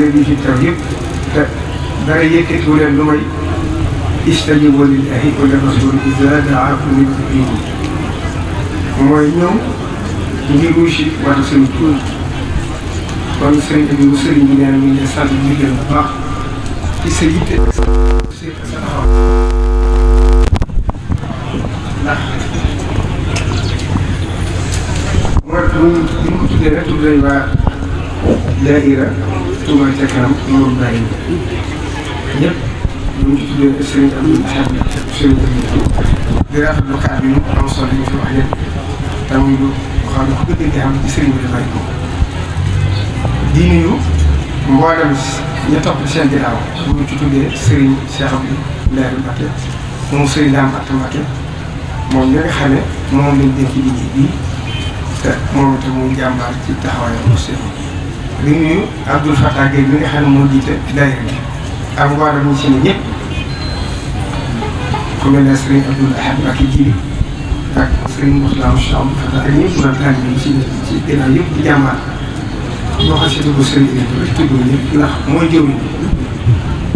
taalibe yi fi teew yëpp te dara yëkkatiwu leen lu may istajibu lillahi wa lirrasul iza daakum li diinihi mooy ñoom ngir wu si wala seen tur kon sëriñ bi mu sëriñ bi nee na ñu ngi sant di gën bu baax ci sa yitte sa taxaw ndax mooy bu ñu ko tuddee rek tuddee waa daayira Touba ca kanam Nour Baye ñëpp ñu di am solo yi ñu fi bi dafay ko di nuyu mboolem ña topp seen ginnaaw bu ñu ci tuddee Serigne Cheikh Abdou Ndeye Mbacké moom moom ñoo ngi xam ne moom lañ dénk liggéey moom mu jàmbaar ci taxawaayam bu Serigne di nuyu Abdoul Fattah Gueye bi nga xam ne moo jiite daayira bi ak mboolem ñi si ne ñëpp ku mel ne Serigne Abdoul Ahad Mbacké Djili ak Serigne Moustapha Moussa Abdoul Fattah si ci ginnaaw yëpp di jàmbaar boo si dugg Serigne bi rek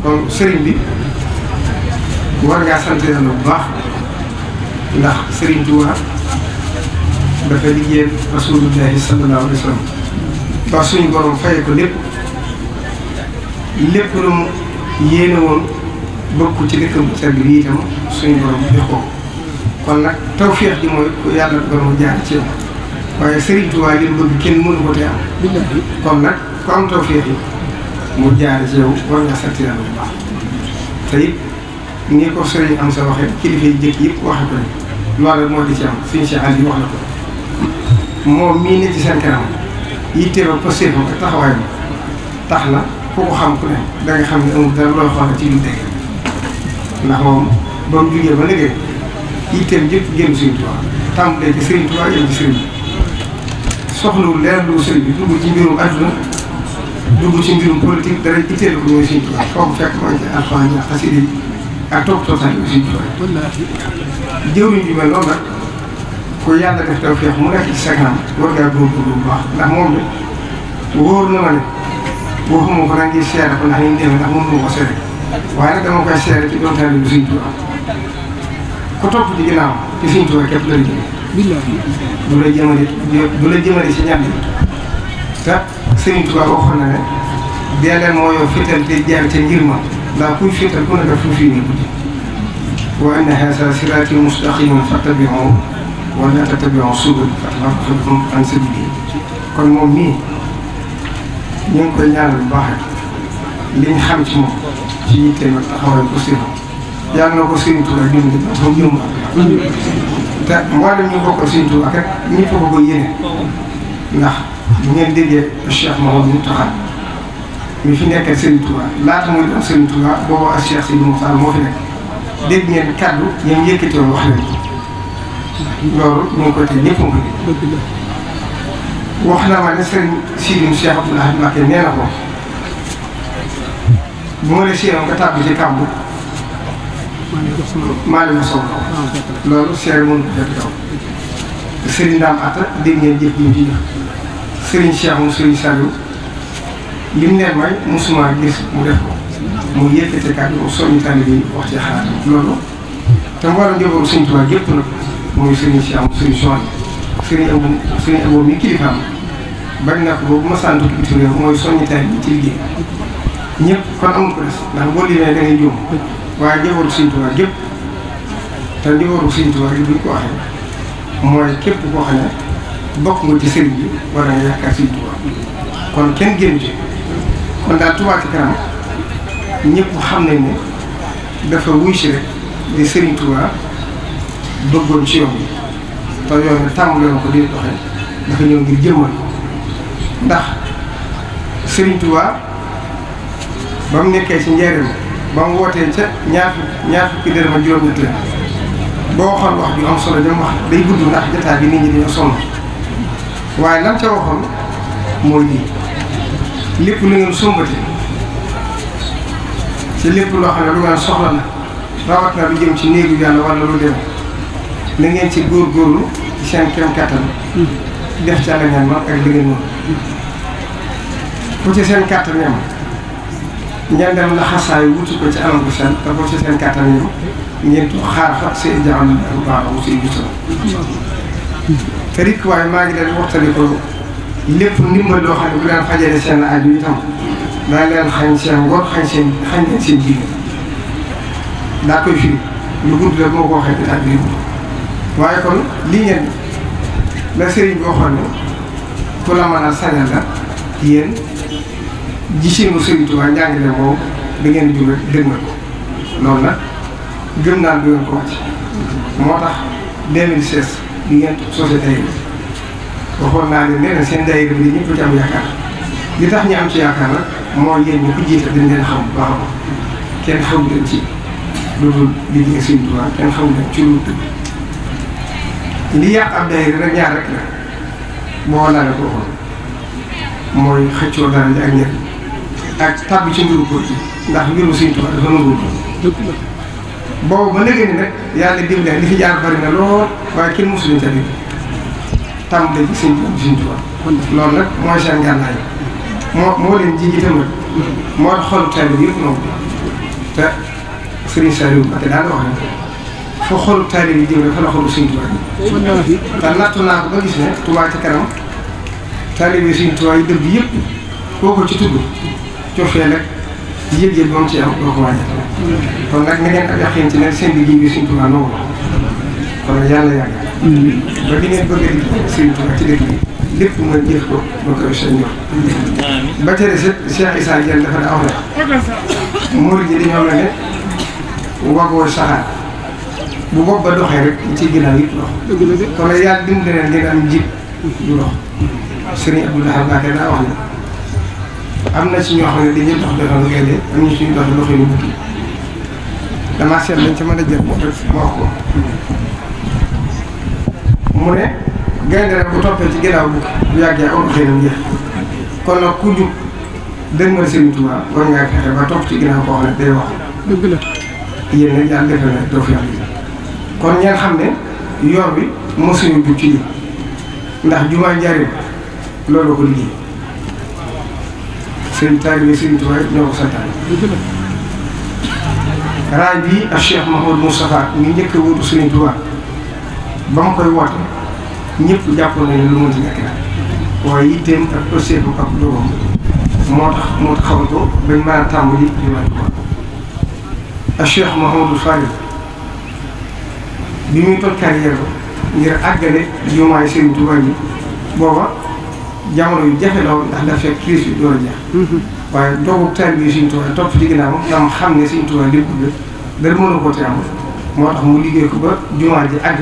kon Serigne bi war ngaa sant yàlla bu baax ndax Serigne Touba dafa liggéeyal Rasulullahi sallallahu alayhi wa sallam ba suñu borom fayee ko lépp lépp lu mu yéene woon bokk ci dëkk bu sedd bi itam suñu borom jox ko kon nag tawféex ji mooy yàlla doon mu jaar ci yow waaye Serigne Touba li bëgg kenn mënu ko te am. kon nag ku am tawféex yi mu jaar ci yow war nga sant yàlla bu baax te ni ko Serigne am sa waxee kilifa yi jëkk yëpp waxe ko ni loolu moo di am suñu si àll yi wax na ko moom mii ne ci seen kanam. yitte ba posté taxawaay ba tax na ku ko xam ku ne da xam ne amul dara looy xool ci lu dégg ndax moom ba mu jugee ba léegi yitteem yëpp génn Sëriñ Tuubaa tàmbalee ci Sëriñ Tuubaa yem leer lu sëriñ bi dugg ci mbirum àdduna dugg ci mbirum politique dara itteel ko ñooy Sëriñ Tuubaa foofu fekk maa ci alxuraan yi ak xasida yi ak topp tootaan yi Sëriñ bi mel noonu nag ku yàlla def tawfeex mu nekk ci sa kanam war ngaa góorgóorlu bu baax ndax moom it wóor na ma ne boo xamoo ko da seere ko ndax ñu demee ndax mënu ma ko seere waaye dama koy seere ci doon taalibu Sëriñ Tuubaa ku topp ci ginnaaw ci Sëriñ Tuubaa képp la jëm ne dee leen moo te jaar te ngir ma ndax kuy fital ku nekk fu fii nii waaye inna haza siraati mustaqiman fattabi'uhu wala tattabi'u subul fata'lamu an sabiilihi kon moom mii ñu ngi koy ñaanal bu xam ci moom ci yitteem a ba mu te mboolem ñu bokkal Sëriñ Tuubaa ngeen déggee Cheikh Mawone fi nekkal Sëriñ Tuubaa laata muy doon Sëriñ Tuubaa boobu ak Cheikh Sidi moo fi nekk dégg ngeen kaddu yéen yëkkati wax leen loolu ñu koy tey ñëpp a wax na ma ne sëriñ Sidim Cheikh Abdoul Ahad Mbacké nee na ko bu ma la séeram nga tàbbi ci kàmb. maa ngi soog a ah, loolu seer mënut a jot kaw. sëriñ Dame Atta dégg ngeen jëf ñu ci jox sëriñ Cheikh moom sëriñ Saliou lim ne may musuma gis mu def ko mu yëkkati kàddu soññu tànn bi wax ci xalaat loolu. te mu war a njëboon suñu tubaab yëpp nag. muy sëriñ si am suñu soxla sëriñ am sëriñ amoo mi kilifaam bari na ko boobu ma sant bitim réew mooy soññi taal bi ci liggéey ñëpp kon amul ko des ndax boo limee da ngay juum waaye njabootu Sëriñ Tuubaa gépp te njabootu Sëriñ Tuubaa gi ci sëriñ bi war nga yaakaar Sëriñ Tuubaa kon kenn génn ci kon daal Tuubaa ci kanam ñëpp xam nañ ne dafa wuy si rek di Sëriñ Tuubaa duggoon ci yoon bi te yoon bi tàmm ko di doxee dafa ñëw ngir jëmmal ndax Serigne Touba ba mu nekkee ci njëriñ ba mu wootee ca ñaar fukki dërëm ak juróom-ñett boo waxoon wax ju am solo jëm wax day gudd ndax jotaay bi nit ñi dañoo sonn waaye lan ca waxoon mooy lii lépp lu ngeen sombati ci lépp loo xam ne lu ngeen soxla na rawat na lu jëm ci néegu yàlla wala lu dem. na ngeen ci góorgóorlu ci seen kéem kattan. Hmm. def ca la ngeen ak li ngeen mën ci seen kattan yam ngeen dem laxasaay wutu ko ci bu seen ci seen kattan yam ngeen tu xaar fa seen jamono baax wu siy gis te rek waaye maa ngi leen waxtaanee ko lépp ndimbal loo xam ne bu leen fajale seen aju itam daa leen xañ seen ngor xañ seen xañ leen seen jiw daa koy firi lu gudd la moo ko waxee ci ak waaye kon lii ngeen la sëriñ bi waxoon ne ku la man a sañal la yéen gisinu sëriñ Tuubaa njàngale moom da ngeen di jublu dégg na ko loolu nag gëm naa du ngeen ko wàcc moo tax 2016 di ngeen sosé daayira bi waxoon naa ne nee na seen daayira ni ñëpp ci am yaakaar li tax ñu am ci yaakaar nag mooy yéen ñi ko jiite dañ xam bu baax a kenn xamu leen ci lu dul liggéey sëriñ Tuubaa kenn xamu leen ci lu dul li yàq ab daayira rek ñaar rek la moo laa ne ko mooy xëccoo dara ji ak ñett ak tàbbi ci mbiru ko ci ndax mbiru Sëñ Tuubaa dafa nanguwul ko boobu ba léegi ni yàlla dimle li fi jaar bari na lool waaye kenn mosuñu ca dégg tàmm dañ ci Sëñ Tuubaa Sëñ Tuubaa loolu nag mooy seen gànnaay moo moo leen ji itam nag moo tax xolu taalibe yëpp noonu te Sëriñ Saliou Mbacké daal wax na fa xolu taalib yi jëm rek fa la xolu Sëriñ Tuubaa bi. te nattu yi Sëriñ Tuubaa yi dëgg yëpp kooku ci tudd cofee nag yëg-yëg moom ci am kon nag yàlla ba di ngeen bëgg a di Sëriñ Tuubaa ci dëgg bi lépp mën jëf ko mën ko seen yoon. ba tere Cheikh Issa Diène ne ne wagoo saxaar. bu bopp ba doxee rek li ci ginnaaw yëpp dox. dëgg la de kon yaa dimbali leen ngeen am njiit du dox. Serigne Abdoulaye daa wax ne am na ci ñoo xam ne dañuy dox doxal a jël boo rek ma wax ko. mu ne gaynde rek bu toppee ci ginnaaw bukki bu yàggee aw doxee nañ jeex kon nag ku jub dëgmal Serigne Touba war ngaa fexe ba topp ci ginnaaw koo xam ne day wax. dëgg la yéen nag yàlla defal na doo fi am. kon ñeen xam ne yor bi mosuñu bu ci lii ndax jumaa njariñ loolu ko liggéey seen taalibe seen tubaab ñoo ko santaane raay bii ak Cheikh Mahmoud Moustapha mi njëkk a wutu Serigne Touba ba mu koy woote ñëpp jàpp nañu lu mënti nekk la waaye yitteem ak procédu ak doomam moo tax moo tax xaw ko bañ maa tàmbali di waay ak Cheikh Mahmoud Fadil bi muy toj carrière ba ngir àggale jumaay seen Tuubaa yi booba jamono yu jafe la woon ndax dafa fekk crise bi door a jeex mhm. waaye doogu taal xam ne Sëriñ Tuubaa li mu bëgg dara mën a am moo tax mu liggéey ko ba jumaa ji àgg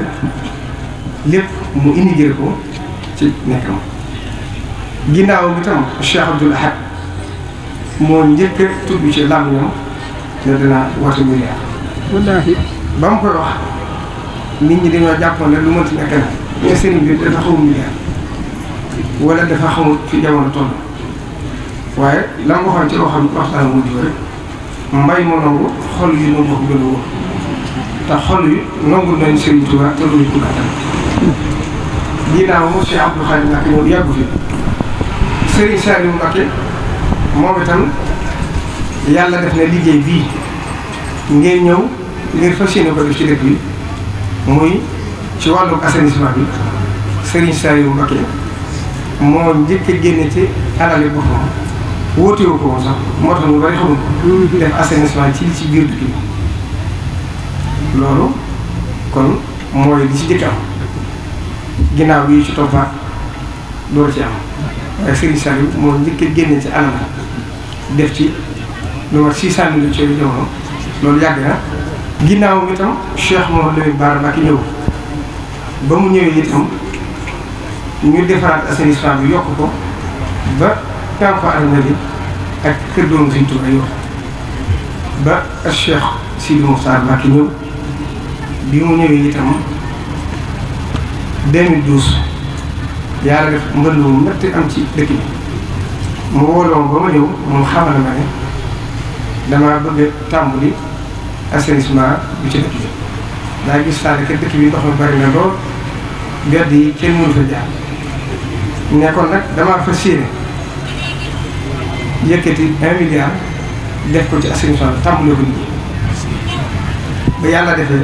lépp mu indi jël ko ci nekkam ginnaaw bi tam Cheikh Abdoul Ahad moo njëkk a tudd ci làmmiñam ne dina woote miliyaar wallaahi ba mu koy wax nit ñi dañoo jàppoon ne lu mënti nekk la te sëriñ bi dafa xaw mu leer wala dafa xaw fi jamono toll waaye la nga waxoon ci loo xam waxtaan wu ñu rek mbay ma nangu xol yi ñoo bokk gën a wóor te xol yi nangu nañ sëriñ Tuubaa te duñu ko gàttal. ginnaaw moom Cheikh Abdou Khadre Mbacké ñëw yàggu fi sëriñ Saliou Mbacké moom itam yàlla def na liggéey bii ngeen ñëw ngir fas yéene ko def ci dëkk bi. muy ci wàllum assainissement bi Serigne Saliou Mbacké moo njëkk a génne ci alali boppam wóotewu ko woon sax moo tax ñu bari xamul ko mm-hmm. def assainissement ci li ci biir dëkk loolu kon mooy li ci njëkk am ginnaaw bi ci toppaat loolu ci am waaye Serigne Saliou moo njëkk a génne ci alal def ci lu war six cent millions ci jamono loolu yàgg na ginnaaw itam tam moom Mouhamadou Lamine Bara Mbacké ñëw ba mu ñëwee itam ñu defaraat assainissement bi yokk ko ba Kanko Arona bi ak kër doomu Sëriñ Tuubaa yokk ba ak Cheikh Sidi Mokhtar Mbacké ñëw bi mu ñëwee itam 2012 yàlla def mbënd mu métti am ci dëkk bi mu wóoloon ba ma ñëw mu xamal ma ne damaa bëgg tàmbali. assainissement bu ci dëkk bi daa gis saare ke dëkk bi ndox mi bari na lool mbedd yi kenn mënu fa jaar nekkoon nag damaa fa séeré yëkkati un milliard def ko ci assainissement bi tàmbale ko nii ba yàlla defee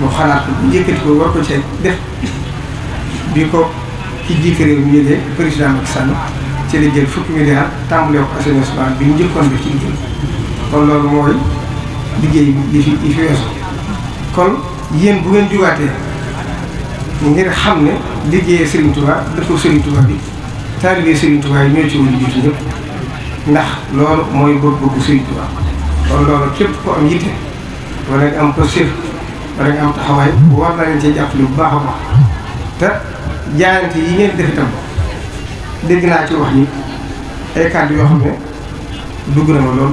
mu xalaat ko yëkkati ko war ko ci def bi ko ci jiite réew mi yëgee président Macky Sall ci la jël fukki milliard tàmbale ko assainissement bi njëkkoon bi ci liggéey kon loolu mooy liggéey yi fi fi weesu kon yéen bu ngeen jugaatee ngir xam ne liggéeyee Serigne Touba dëkku Serigne bi taalibe Serigne yi ñoo ci woon jiitu ñëpp ndax loolu mooy bëgg-bëggu Serigne kon loolu képp ko am yitte wala nga am positif wala nga am taxawaay war na leen cee jàppale bu baax a baax te jaayante yi ngeen def itam dégg naa ci wax ni ay kàddu yoo xam ne dugg na ma lool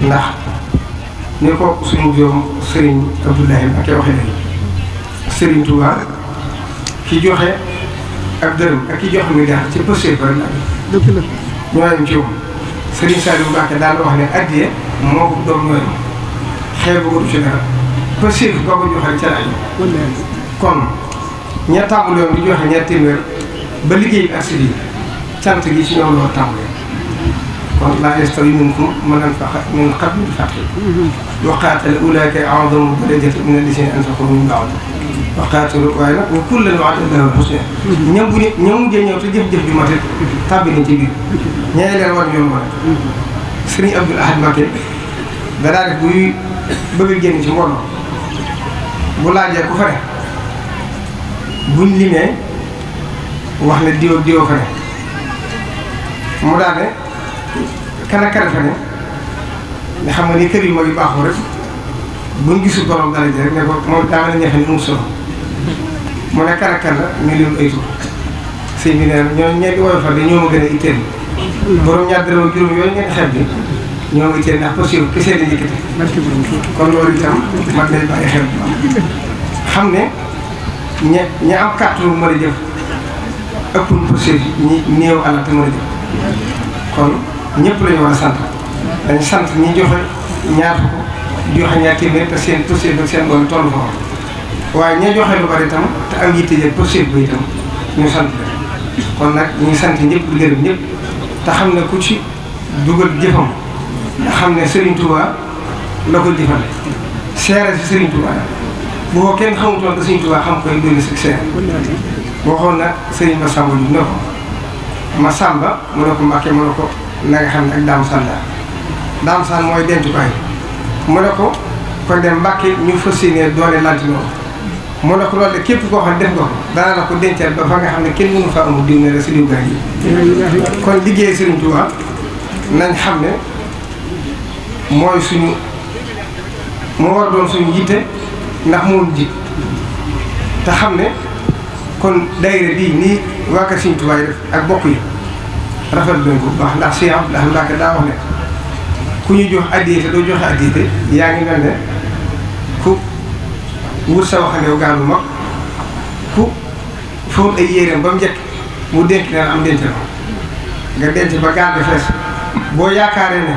ndax. ni ko suñu joom Serigne Abdoulahi wax waxee léegi Serigne Touba ki joxe ak dërëm ak ki joxe milliard ci poche ba la. dëgg la daal wax ne addiye moo ko doon ñooyam xeebu ko ci dara poche ba ko joxe ca laaj. kon ña tàmbali woon di joxe ñaar téeméer ba liggéey bi ak cant gi ci ñoom la tàmbalee. laa yastawi minkum man anfaqa min qabli l-fathi wa qaatala ulaa'ika a'zamu darajatan mina llaziina anfaqu min ba'du wa qaatalu waaye nag wa kullan wa'ada Llaahu l-husnaa. ña mu ña mu mujjee ñëw te jëf-jëf ju mat it tàbbi nañ ci biir ña leen war yoon wane. Sëriñ Abdul Ahad Mbakke da daa def buy bëgg génn ci mbooloo bu laajee ku fa ne buñ limee wax ne diw ak diw fa ne mu daane. kara fa ne xam nga ni kër yu mag yu baaxoo rek buñ gisul borom dara ji rek ne ko moom ne ñax mi amul solo mu ne kara kara nga lim ay tur sëñ bi nee na ñoo ñeenti woy fa ñoo a itteel borom ñaar dërëm juróom yooyu ngeen xeeb bi ñoo ngi itteel xam ne ña ña am kàttu mën a jëf ëpp ñu ñi néew àll te a jëf kon ñëpp la ñu war a sant dañu sant ñi joxe ñaar ko joxe ñaar téeméer te seen possible ak seen doole tollu fa waaye ña joxe lu te am yitte jël possible bi kon nag ñu sant ñëpp di te xam ne ku ci dugal jëfam xam ne Serigne Touba la ko jëfale seere si Serigne Touba si seere waxoon na Serigne Massamba lu ne ko Massamba mu ne ko Mbacke ko na nga xam ne ak daam saan la daam saan mooy dencukaay mu ne ko kon dem mbàkki ñu fas yéenee doone lantinoo mu ne ko loolu de képp koo xam def nga ko danaa la ko dencal ba fa nga xam ne kenn mënu fa amul diw ne la si diw gaay yi kon liggéey Sëriñ Tuubaa nañ xam ne mooy suñu moo war doon suñu yitte ndax moom ji te xam ne kon daayira bii nii waa Kër Sëriñ Tuubaa yi ak bokk yi rafetlu nañ ko bu baax ndax Cheikh Abdoulaye Mbacke daa wax ne ku ñu jox addiya te doo joxe addiya te yaa ngi mel ne ku wut sa waxandew gaal bu mag ku fóot ay yéreem ba mu njëkk mu denc leen am denc la nga denc ba gaal bi fees boo yaakaaree ne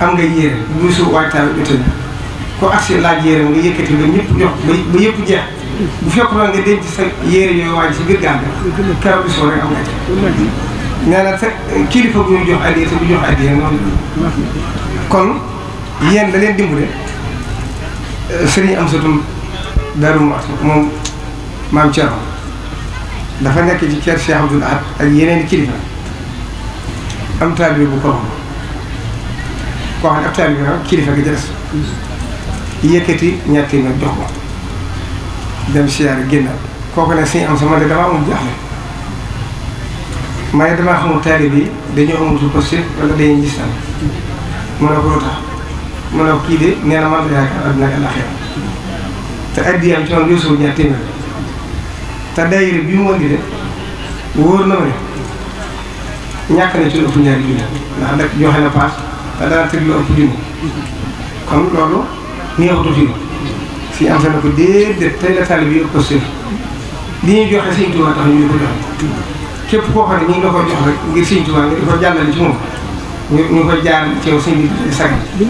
am nga yére bu su suuf waajtaay bi itam ku agsi laaj yére nga yëkkati ba ñëpp jox ba yëpp jeex bu fekkoon nga denc sa yére yooyu waaj si biir gaal bi keroog bi soo rek am nga ci nee na fekk kilifa bu ñu jox addiya te bu jox addiya noonu kon yéen da leen dimbale sëriñ am satum daru mas moom maam Thierno dafa nekk ci kër Cheikh Abdoul Ahad ak yeneen kilifa am taalibe bu ko koo xam ab taalibe bi kilifa gi jëles yëkkati ñetti na jox ko dem siyaare génnaat kooku ne sëriñ am sa man de damaa am jaaxle ma ne damaa xamul taalib yi dañoo amatul posture wala dañuy gis naan mu ne ko lu tax mu ko kii de nee na man la yaakaar àdduna ak àllaaxira te addiyam ci man yoosuwul ñaar téeméer te daayira bi mu indi de wóor na ma ne ñàkk na ci lu ëpp ñaari junni ndax nag joxe na paas te dana tëdd lu ëpp junni kon loolu neexutu fii fii am na ko déedéet tey la taalib yi ëpp posture li ñuy joxe Sëñ Tuubaa tax ñu ko joxe. képp koo xam ne la koy jox rek ngir Sëriñ Tuubaa nga di ko jàllale ci moom ñu képp koo xam ne ñu ngi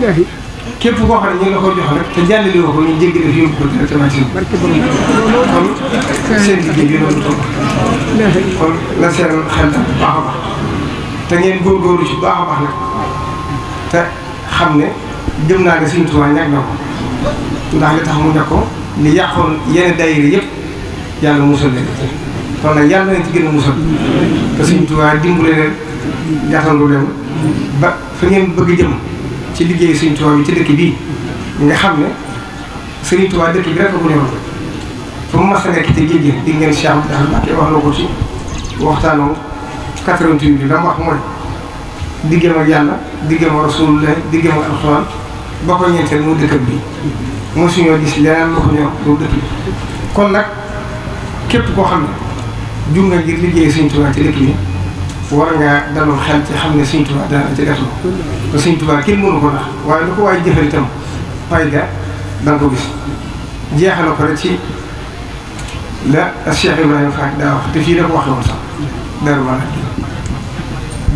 la koy te jàllale ko ñu jéggi def yóbbu ko directement ci kon seen liggéey la seen xel baax a baax te ngeen góorgóorlu ci baax a baax nag te xam ne gëm naa ne Sëriñ Tuubaa ñàkk na ko ndax li tax mu ñàkk ko li yàqoon yenn daayira yëpp yàlla musal leen kon nag yàlla na ci gën a musal te Sëriñ Tuubaa dimbale leen jaatandu leen ba fa ngeen bëgg jëm ci liggéey Sëriñ Tuubaa bi ci dëkk bii nga xam ne Sëriñ Tuubaa dëkk bi rek ko ñëwoon fu mu mas wax na ko ci waxtaanu 88 bi la mu wax mooy diggam ak yàlla diggam ak Rasulullah ba ko ñeenteel mu dëkk bi mosuñoo gis leneen lu ko ñëw lu dëkk bi kon nag képp koo xam ne jur nga ngir liggéey Sëñ Tuubaa ci dëkk bi war ngaa daloon xel ci xam ne Sëñ Tuubaa dana ci def loo ko ndax waaye lu ko waaye ko gis jeexal ko rek la Cheikh Ibrahima Fall daa wax te fii la ko waxee woon sax dara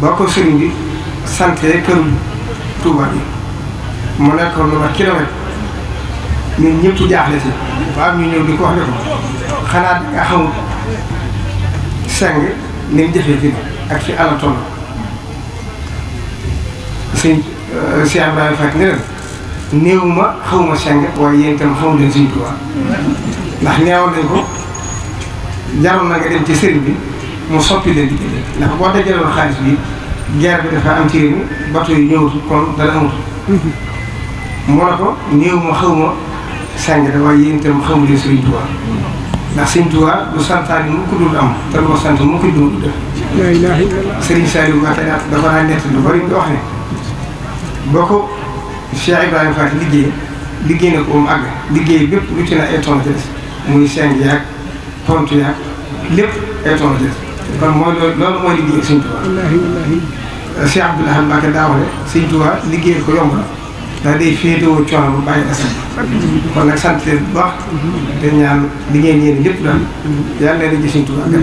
ba ko sëriñ bi santé kër Touba bi mu nekkoon lu ma kilomètre ñun ñëpp jaaxle si ba am ñu ñëw di ko wax ne ko xanaa nga xamul sàng ni mu jafee fi ak fi àll toll suñ si am daal fekk nga néewuma xawma sàng waaye yéen itam xamu leen suñu tubaab ndax ñaawal nañ ko jaroon na nga dem ci sëriñ bi mu soppi leen di jëlee ndax boo dajaloon xaalis bi guerre bi dafa am ci réew mi bato kon dara amatul. moo ne ko néewuma xawma sàng da waaye yéen itam xamu leen suñu tubaab ndax sëñ Tuubaa du santaane mu ko dul am te lu ko sant mu ko dul def. Serigne Saliou Mbacké naat dafa naa nett lu bari nga wax ne boo ko Cheikh Ibrahima Fall liggéey liggéey na ko ba mu àgg liggéey bépp lu ci na ay tontu muy seng yaag tontu yaag lépp ay tontu kon mooy loolu loolu mooy liggéey sëñ Tuubaa. Cheikh Abdoul Ahad Mbacké daa wax ne sëñ Tuubaa liggéey ko yomb na. ndax day féetewoo coono bu bàyyi asam kon nag sant leen bu baax te ñaan li ngeen yéene ñëpp daal yàlla leen di jëfiñ tubaab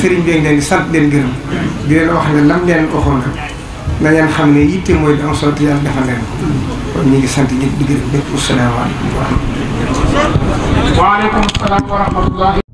sëriñ bi leen di sant leen gërëm di leen wax ne lam leen waxoon nag na ngeen xam ne yitte mooy di am solo te yàlla defal leen ko kon ñu ngi sant ñëpp di gërëm ñëpp asalaamaaleykum wa rahmatulah. waaleykum salaam wa rahmatulah.